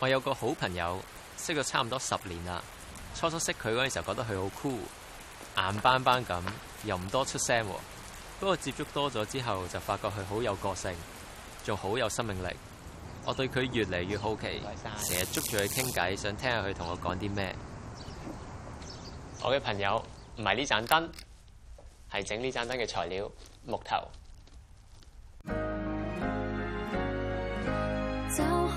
我有個好朋友，識咗差唔多十年啦。初初識佢嗰陣時候，覺得佢好酷，硬邦邦咁，又唔多出聲。不過接觸多咗之後，就發覺佢好有個性，仲好有，有生命力。我對佢越嚟越好奇，成日捉住佢傾偈，想聽下佢同我講啲咩。我嘅朋友唔係呢盞燈，係整呢盞燈嘅材料，木頭。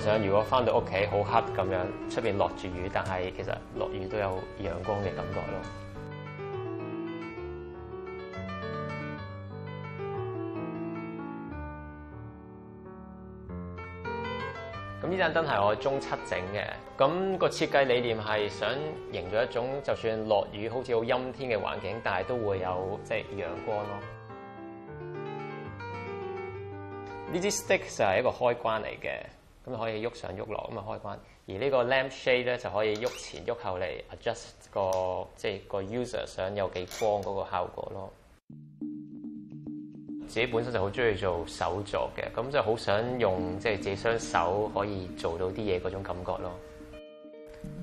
想如果返到屋企好黑咁樣，出邊落住雨，但係其實落雨都有陽光嘅感覺咯。咁呢盞燈係我中七整嘅，咁、那個設計理念係想營造一種就算落雨好似好陰天嘅環境，但係都會有即係、就是、陽光咯。呢支 stick 就係一個開關嚟嘅。咁、嗯、可以喐上喐落咁啊，開關，而這個呢個 lampshade 咧就可以喐前喐後嚟 adjust 個即係個 user 想有幾光嗰個效果咯。 自己本身就好中意做手作嘅，咁就好想用即係、就是、自己雙手可以做到啲嘢嗰種感覺咯。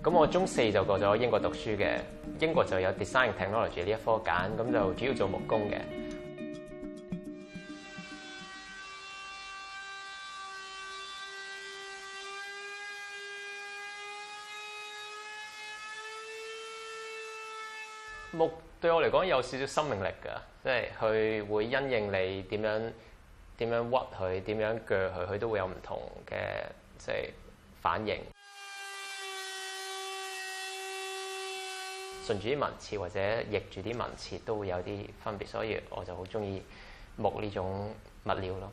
咁我中四就過咗英國讀書嘅，英國就有 design technology 呢一科揀，咁就主要做木工嘅。木對我嚟講有少少生命力㗎，即係佢會因應你點樣點樣屈佢，點樣鋸佢，佢都會有唔同嘅即係反應。 順住啲紋切，或者逆住啲紋切，都會有啲分別，所以我就好中意木呢種物料咯。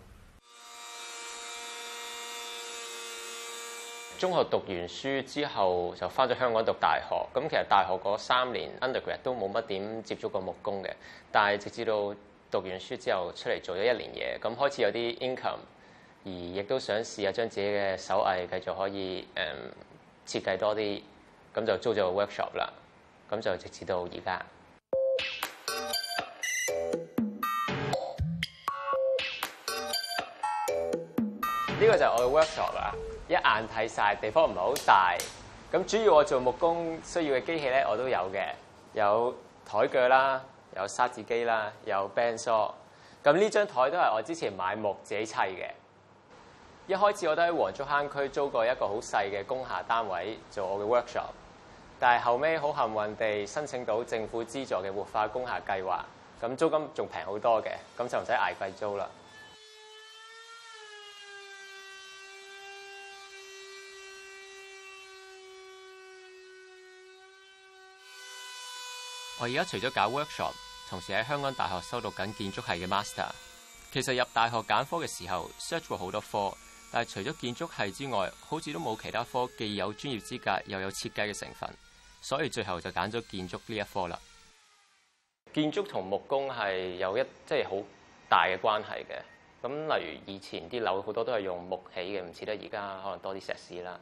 中學讀完書之後就翻咗香港讀大學，咁其實大學嗰三年 undergrad 都冇乜點接觸過木工嘅，但係直至到讀完書之後出嚟做咗一年嘢，咁開始有啲 income，而亦都想試下將自己嘅手藝繼續可以誒設計多啲，咁就租咗個 workshop 啦，咁就直至到而家。呢個就係我嘅 workshop 啦。一眼睇晒，地方唔係好大。咁主要我做木工需要嘅機器咧，我都有嘅，有台鋸啦，有砂紙機啦，有 band saw。咁呢張台都係我之前買木自己砌嘅。一開始我都喺黃竹坑區租過一個好細嘅工廈單位做我嘅 workshop，但係後尾好幸運地申請到政府資助嘅活化工廈計劃，咁租金仲平好多嘅，咁就唔使挨貴租啦。我而家除咗搞 workshop，同時喺香港大學修讀緊建築系嘅 master。其實入大學揀科嘅時候 search 過好多科，但係除咗建築系之外，好似都冇其他科既有專業資格又有設計嘅成分，所以最後就揀咗建築呢一科啦。建築同木工係有一即係好大嘅關係嘅。咁例如以前啲樓好多都係用木起嘅，唔似得而家可能多啲石屎啦。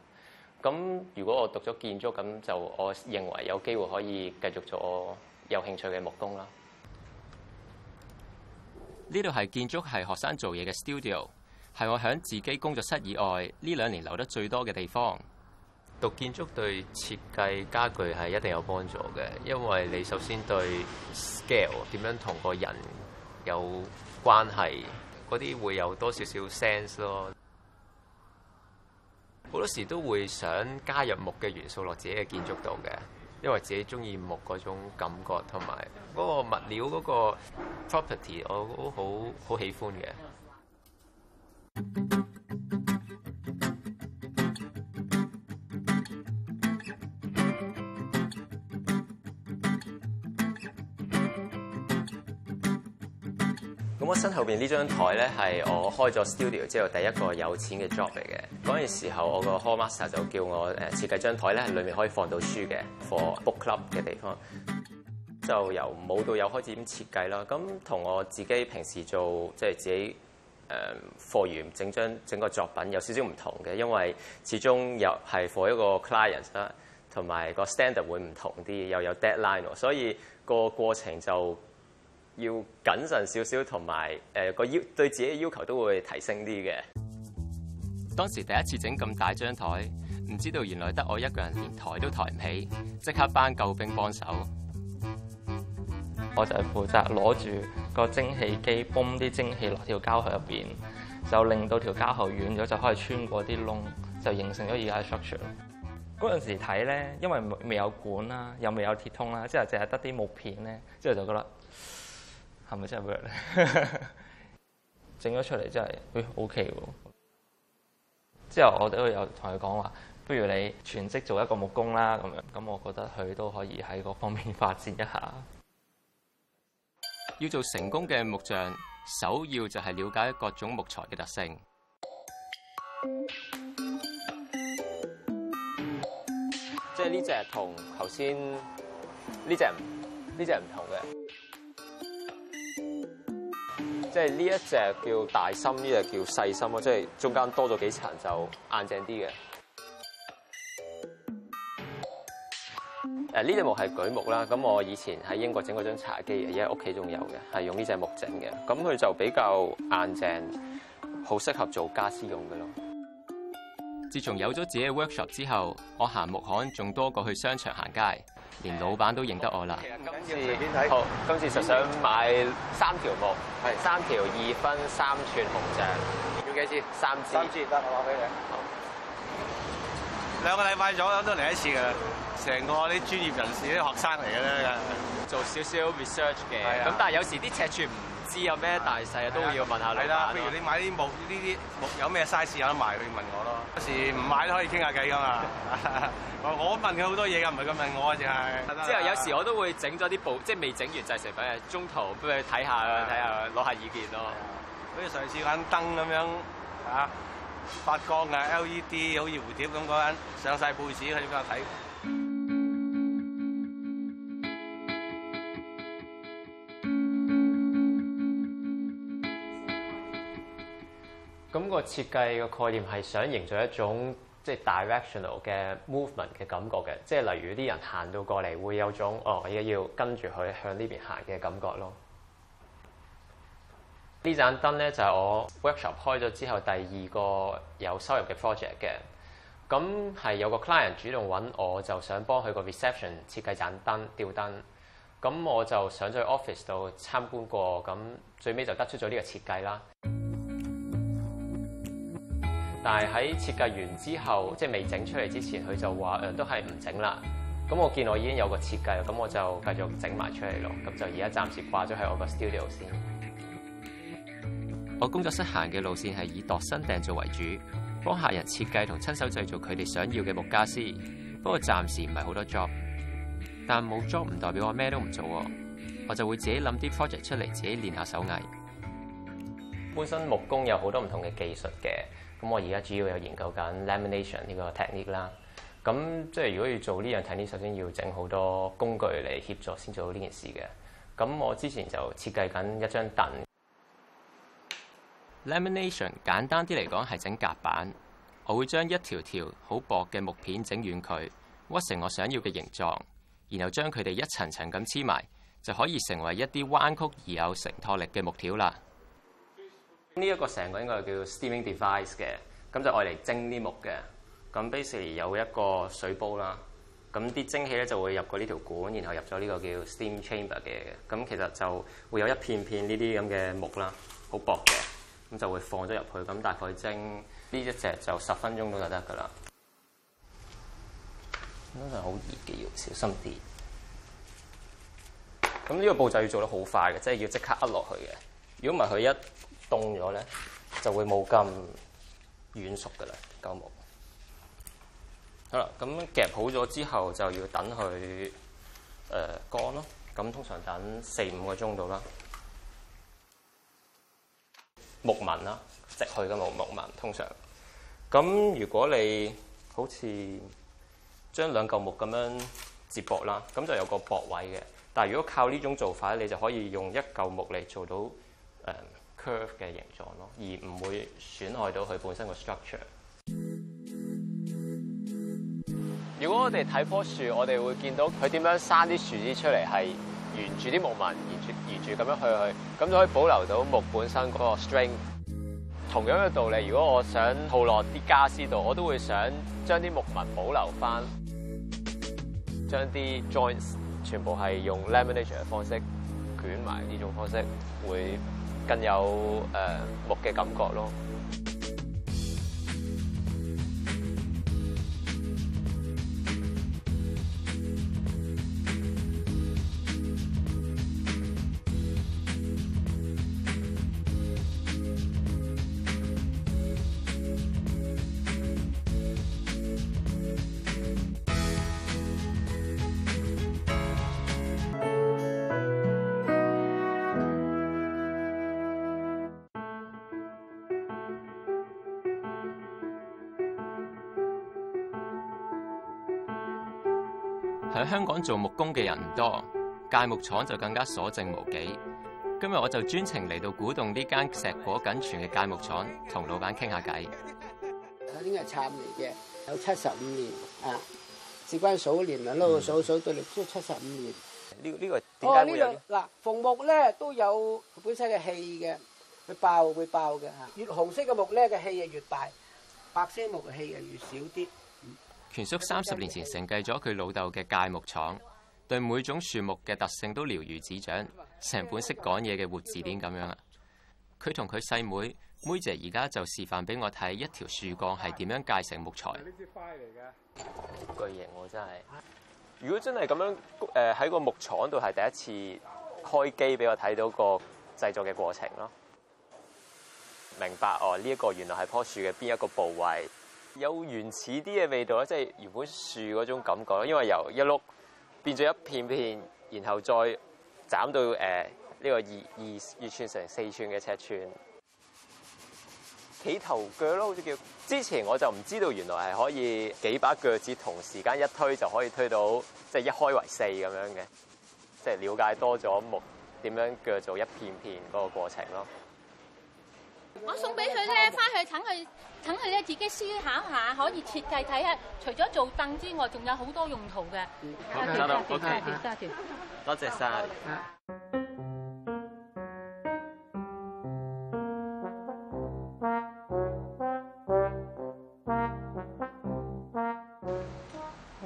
咁如果我讀咗建築，咁就我認為有機會可以繼續做。有興趣嘅木工啦！呢度係建築系學生做嘢嘅 studio，係我喺自己工作室以外呢兩年留得最多嘅地方。讀建築對設計家具係一定有幫助嘅，因為你首先對 scale 點樣同個人有關係，嗰啲會有多少少 sense 咯。好多時都會想加入木嘅元素落自己嘅建築度嘅。因為自己中意木嗰種感覺，同埋嗰個物料嗰個 property，我都好好喜歡嘅。咁我身後邊呢張台咧，係我開咗 studio 之後第一個有錢嘅 job 嚟嘅。嗰、那、陣、個、時候，我個 hallmaster 就叫我誒、呃、設計張台咧，裏面可以放到書嘅 for book club 嘅地方，就由冇到有開始點設計啦。咁同我自己平時做即係自己誒貨、呃、整張整個作品有少少唔同嘅，因為始終又係 for 一個 client 啦，同埋個 standard 會唔同啲，又有 deadline 喎，所以個過程就要謹慎少少，同埋誒個要對自己嘅要求都會提升啲嘅。當時第一次整咁大張台，唔知道原來得我一個人連台都抬唔起，即刻班救兵幫手。我就係負責攞住個蒸氣機，泵啲蒸氣落條膠喉入邊，就令到條膠喉軟咗，就可以穿過啲窿，就形成咗而家嘅 structure。嗰陣時睇咧，因為未有管啦，又未有鐵通啦，之後淨係得啲木片咧，之後就覺得係咪真係 work 咧？整 咗出嚟真係，誒、哎、OK 喎。之後，我哋都有同佢講話，不如你全職做一個木工啦咁樣。咁我覺得佢都可以喺嗰方面發展一下。要做成功嘅木匠，首要就係了解各種木材嘅特性。即係呢隻同頭先呢隻呢隻唔同嘅。即係呢一隻叫大芯，呢一隻叫細芯咯。即係中間多咗幾層就硬淨啲嘅。誒呢隻木係櫸木啦。咁我以前喺英國整過張茶幾，而家屋企仲有嘅，係用呢隻木整嘅。咁佢就比較硬淨，好適合做家私用嘅咯。自從有咗自己嘅 workshop 之後，我行木行仲多過去商場行街。連老闆都認得我啦。好，今次實想買三條木，係三條二分三寸紅橡。要幾支？三支。三支得，我話俾你好。兩個禮拜左右都嚟一次㗎啦。成個啲專業人士、啲學生嚟嘅咧，做少少 research 嘅。咁但係有時啲尺寸唔～知有咩大細啊都要問下你。啦，譬如你買啲木呢啲木有咩 size 有得賣佢問我咯。有時唔買都可以傾下偈㗎嘛。 我問佢好多嘢㗎，唔係咁問我啊，淨係。之後有時我都會整咗啲部，即係未整完製成品啊，中途俾佢睇下睇下攞下意見咯。好似上次揾燈咁樣啊，發 光啊 LED，好似蝴蝶咁嗰陣上晒報紙去邊度睇？設計個概念係想營造一種即係 directional 嘅 movement 嘅感覺嘅，即係例如啲人行到過嚟會有種哦，而家要跟住佢向呢邊行嘅感覺咯。呢盞燈咧就係、是、我 workshop 開咗之後第二個有收入嘅 project 嘅，咁係有個 client 主動揾我，就想幫佢個 reception 設計盞燈吊燈，咁我就上咗去 office 度參觀過，咁最尾就得出咗呢個設計啦。但係喺設計完之後，即係未整出嚟之前，佢就話誒、呃、都係唔整啦。咁我見我已經有個設計，咁我就繼續整埋出嚟咯。咁就而家暫時掛咗喺我個 studio 先。我工作室行嘅路線係以度身訂造為主，幫客人設計同親手製造佢哋想要嘅木傢俬。不過暫時唔係好多 job，但冇 job 唔代表我咩都唔做、哦。我就會自己諗啲 project 出嚟，自己練下手藝。本身木工有好多唔同嘅技術嘅。咁我而家主要有研究緊 lamination 呢個 technique 啦。咁即係如果要做呢樣 technique，首先要整好多工具嚟協助先做好呢件事嘅。咁我之前就設計緊一張凳。lamination 簡單啲嚟講係整夾板。我會將一條條好薄嘅木片整軟佢，屈成我想要嘅形狀，然後將佢哋一層層咁黐埋，就可以成為一啲彎曲而有承托力嘅木條啦。呢、這、一個成個應該叫 steaming device 嘅，咁就愛嚟蒸啲木嘅。咁 basically 有一個水煲啦，咁啲蒸汽咧就會入過呢條管，然後入咗呢個叫 steam chamber 嘅。咁其實就會有一片片呢啲咁嘅木啦，好薄嘅，咁就會放咗入去。咁大概蒸呢一隻就十分鐘都就得㗎喇。真係好熱嘅，要小心啲。咁呢個步驟要做得好快嘅，即係要即刻壓落去嘅。如果唔係佢一凍咗咧，就會冇咁軟熟噶啦。嚿木好啦，咁夾好咗之後，就要等佢、呃、乾咯。咁通常等四五個鐘度啦。木紋啦，直去嘅冇木，木紋。通常咁，如果你好似將兩嚿木咁樣接駁啦，咁就有個駁位嘅。但係如果靠呢種做法，你就可以用一嚿木嚟做到、呃 curve 嘅形狀咯，而唔會損害到佢本身個 structure。如果我哋睇棵樹，我哋會見到佢點樣生啲樹枝出嚟，係沿住啲木紋，沿住沿住咁樣去去，咁就可以保留到木本身嗰個 strength。同樣嘅道理，如果我想套落啲傢俬度，我都會想將啲木紋保留翻，將啲 joints 全部係用 lamination 嘅方式捲埋呢種方式會。更有誒木嘅感覺咯。喺香港做木工嘅人唔多，鎅木廠就更加所剩無幾。今日我就專程嚟到古洞呢間碩果僅存嘅鎅木廠，同老闆傾下偈。呢、這個係杉嚟嘅，有七十五年啊！事關數年，咪攞個數、嗯、數，數到你都七十五年。這個這個、呢、這個、呢個點解會有？嗱，逢木咧都有本身嘅氣嘅，佢爆會爆嘅。吓、啊，越紅色嘅木咧嘅氣啊越大，白色的木嘅氣啊越少啲。權叔三十年前承繼咗佢老豆嘅解木廠，對每種樹木嘅特性都了如指掌，成本識講嘢嘅活字典咁樣啊！佢同佢細妹妹姐而家就示範俾我睇一條樹幹係點樣解成木材。嚟嘅，巨型喎、啊、真係！如果真係咁樣，誒喺個木廠度係第一次開機俾我睇到個製作嘅過程咯。明白哦，呢、這、一個原來係棵樹嘅邊一個部位。有原始啲嘅味道咧，即係原本樹嗰種感覺，因為由一碌變咗一片片，然後再斬到誒呢、呃呢個二二二寸成四寸嘅尺寸，企頭鋸咯，好似叫。之前我就唔知道原來係可以幾把鋸子同時間一推就可以推到即係、即係、一開為四咁樣嘅，即係了解多咗木點樣鋸做一片片嗰個過程咯。我送俾佢咧，翻去等佢等佢咧，自己思考下，可以設計睇下。除咗做凳之外，仲有好多用途嘅。多、okay. okay. okay. okay. okay. 謝曬。多謝晒。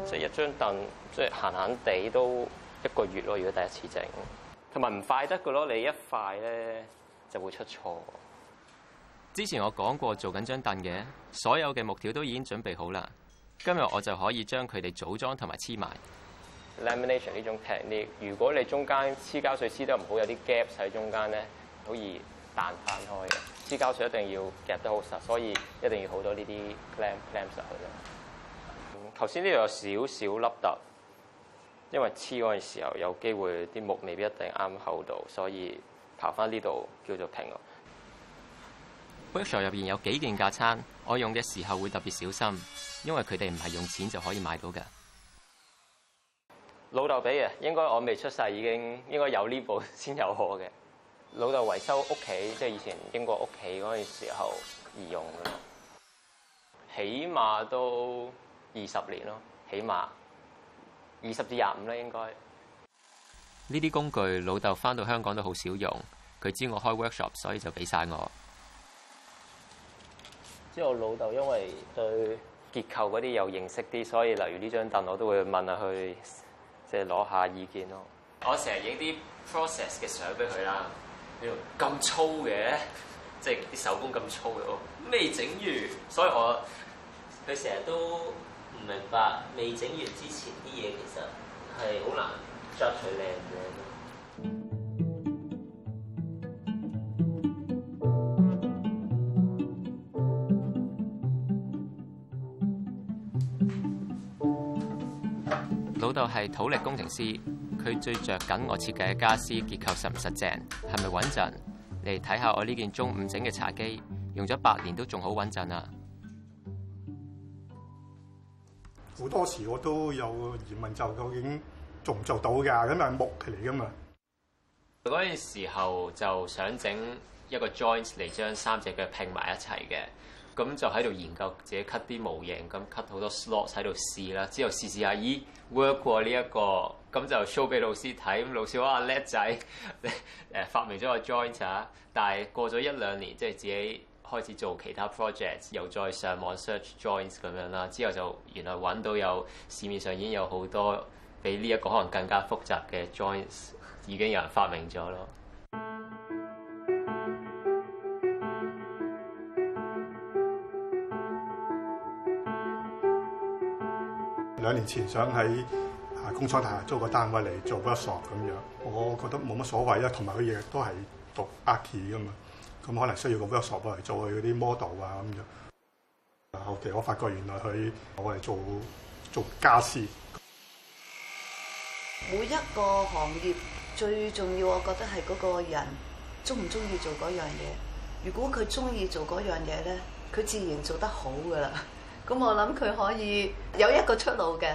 即係一張凳，即係閒閒地都一個月咯。如果第一次整，同埋唔快得嘅咯，你一快咧就會出錯。之前我講過做緊張凳嘅，所有嘅木條都已經準備好啦。今日我就可以將佢哋組裝同埋黐埋。Lamination 呢種劈裂，如果你中間黐膠水黐得唔好，有啲 gap 喺中間咧，好易彈翻開嘅。黐膠水一定要夾得好實，所以一定要好多呢啲 clamp clamp 上去。頭先呢度有少少凹凸，因為黐嗰陣時候有機會啲木未必一定啱厚度，所以刨翻呢度叫做平。workshop 入邊有幾件架撐，我用嘅時候會特別小心，因為佢哋唔係用錢就可以買到嘅。老豆俾嘅，應該我未出世已經應該有呢部先有我嘅。老豆維修屋企，即係以前英國屋企嗰陣時候而用嘅，起碼都二十年咯，起碼二十至廿五咧應該。呢啲工具老豆翻到香港都好少用，佢知我開 workshop，所以就俾晒我。之後老豆因為對結構啲又認識啲，所以例如呢張凳我都會問下佢，即係攞下意見咯。我成日影啲 process 嘅相俾佢啦，呢個咁粗嘅，即係啲手工咁粗嘅，未整完，所以我佢成日都唔明白未整完之前啲嘢其實係好難 judge 佢靚唔靚。我係土力工程師，佢最着緊我設計嘅家私結構實唔實正，係咪穩陣？你睇下我呢件中五整嘅茶幾，用咗八年都仲好穩陣啊！好多時我都有疑問就究竟做唔做到噶？咁係木嚟噶嘛？嗰陣時候就想整一個 joint 嚟將三隻腳拼埋一齊嘅。咁就喺度研究自己 cut 啲模型，咁 cut 好多 slot 喺度試啦。之後試試下，咦 work 過呢一個，咁就 show 俾老師睇。老師話叻仔，誒發明咗個 joint 啊！但係過咗一兩年，即係自己開始做其他 project，又再上網 search joints 咁樣啦。之後就原來揾到有市面上已經有好多比呢一個可能更加複雜嘅 joints 已經有人發明咗咯。兩年前想喺啊工廠大廈租個單位嚟做 workshop 咁樣，我覺得冇乜所謂啦。同埋佢亦都係讀 Archi 噶嘛，咁可能需要個 workshop 嚟做佢嗰啲 model 啊咁樣。後期，okay，我發覺原來佢我係做做傢俬。每一個行業最重要，我覺得係嗰個人中唔中意做嗰樣嘢。如果佢中意做嗰樣嘢咧，佢自然做得好噶啦。咁我諗佢可以有一個出路嘅，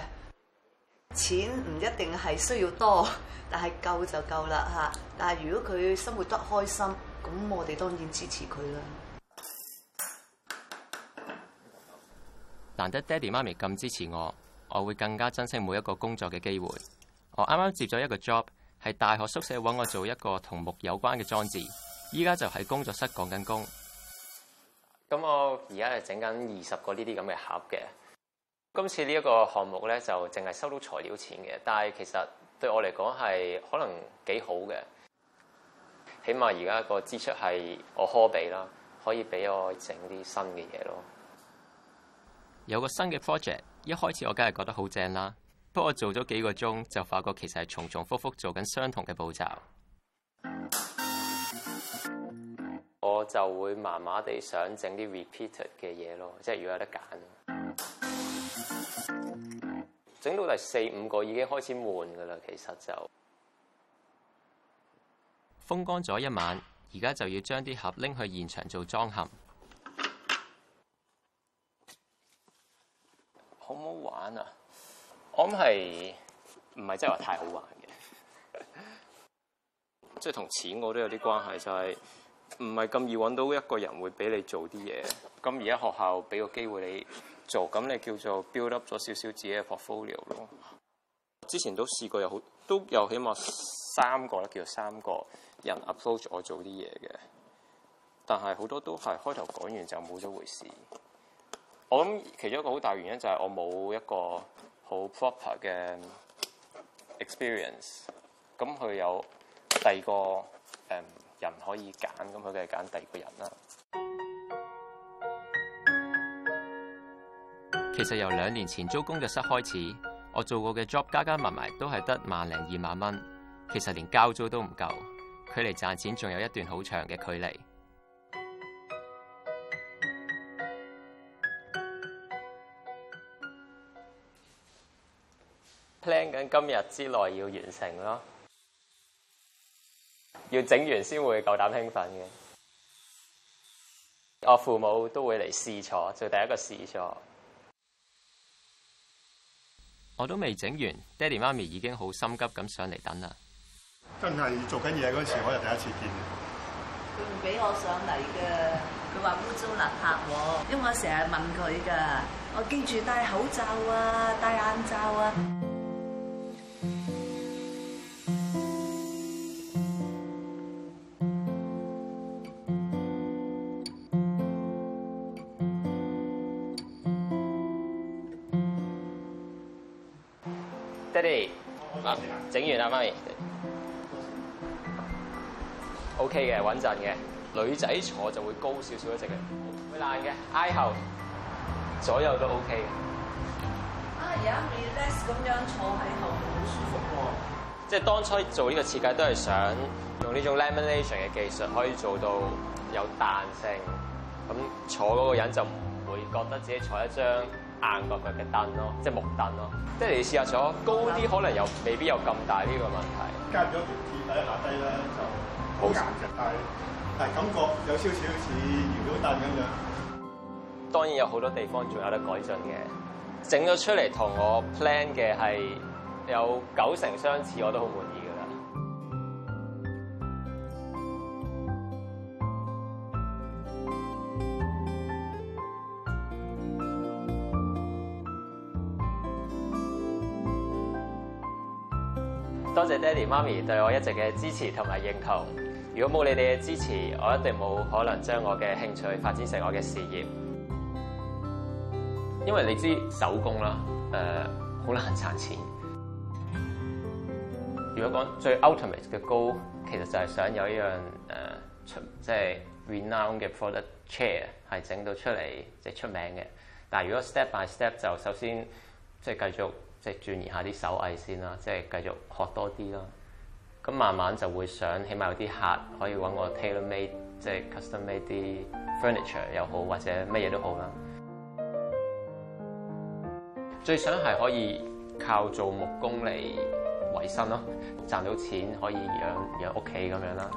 錢唔一定係需要多，但係夠就夠啦嚇。但係如果佢生活得開心，咁我哋當然支持佢啦。難得爹哋媽咪咁支持我，我會更加珍惜每一個工作嘅機會。我啱啱接咗一個 job，喺大學宿舍搵我做一個同木有關嘅裝置，依家就喺工作室講緊工。咁我而家係整緊二十個呢啲咁嘅盒嘅。今次呢一個項目咧就淨係收到材料錢嘅，但係其實對我嚟講係可能幾好嘅。起碼而家個支出係我可比啦，可以俾我整啲新嘅嘢咯。有個新嘅 project，一開始我梗係覺得好正啦，不過我做咗幾個鐘，就發覺其實係重重複複做緊相同嘅步驟。我就會麻麻地想整啲 repeated 嘅嘢咯，即係如果有得揀。整到第四五個已經開始悶噶啦，其實就風乾咗一晚，而家就要將啲盒拎去現場做裝盒。好唔好玩啊？我諗係唔係真係話太好玩嘅？即係同錢我都有啲關係，就係、是。唔係咁易揾到一個人會俾你做啲嘢，咁而家學校俾個機會你做，咁你叫做 build up 咗少少自己嘅 portfolio 咯。之前都試過有好，都有起碼三個啦，叫做三個人 approach 我做啲嘢嘅，但係好多都係開頭講完就冇咗回事。我諗其中一個好大原因就係我冇一個好 proper 嘅 experience，咁佢有第二個誒。嗯人可以揀，咁佢梗係揀第二個人啦。其實由兩年前租工作室開始，我做過嘅 job 加加埋埋都係得萬零二萬蚊，其實連交租都唔夠，距離賺錢仲有一段好長嘅距離。plan 緊今日之內要完成咯。要整完先會夠膽興奮嘅。我父母都會嚟試坐，做第一個試坐。我都未整完，爹哋媽咪已經好心急咁上嚟等啦。真係做緊嘢嗰時，我又第一次見。佢唔俾我上嚟嘅，佢話污糟邋遢喎。因為我成日問佢㗎，我記住戴口罩啊，戴眼罩啊。咪，OK 嘅，穩陣嘅。女仔坐就會高少少一直嘅，會爛嘅，挨後左右都 OK。啊，而家 relax 咁樣坐喺後面好舒服喎。即係當初做呢個設計都係想用呢種 lamination 嘅技術，可以做到有彈性，咁坐嗰個人就唔會覺得自己坐一張。硬角腳嘅凳咯，即係木凳咯，即係你試下咗高啲，可能又未必有咁大呢個問題。隔咗條鐵，底，一下低咧就好夾嘅，但係感覺有少少似搖椅凳咁樣。當然有好多地方仲有得改進嘅，整咗出嚟同我 plan 嘅係有九成相似，我都好滿。多謝爹哋媽咪對我一直嘅支持同埋認同。如果冇你哋嘅支持，我一定冇可能將我嘅興趣發展成我嘅事業。因為你知手工啦，誒、呃、好難賺錢。如果講最 ultimate 嘅 goal，其實就係想有一樣、呃就是、出即係 renowned 嘅 product chair，係整到出嚟即係出名嘅。但如果 step by step 就首先即係、就是、繼續。即係轉移下啲手藝先啦，即係繼續學多啲啦。咁慢慢就會想，起碼有啲客可以揾我 tailor made，即係 custom made 啲 furniture 又好，或者乜嘢都好啦。 最想係可以靠做木工嚟維生咯，賺到錢可以養養屋企咁樣啦。